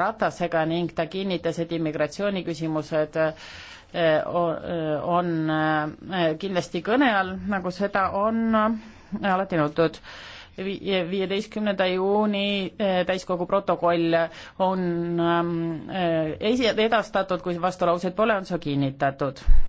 Ratasega ning ta kinnitas, et immigratsiooniküsimused eh, eh, on eh, kindlasti kõne all, nagu seda on alati nõutud. Viieteistkümnenda juuni täiskogu protokoll on esi-, edastatud, kui vastulauseid pole, on see kinnitatud.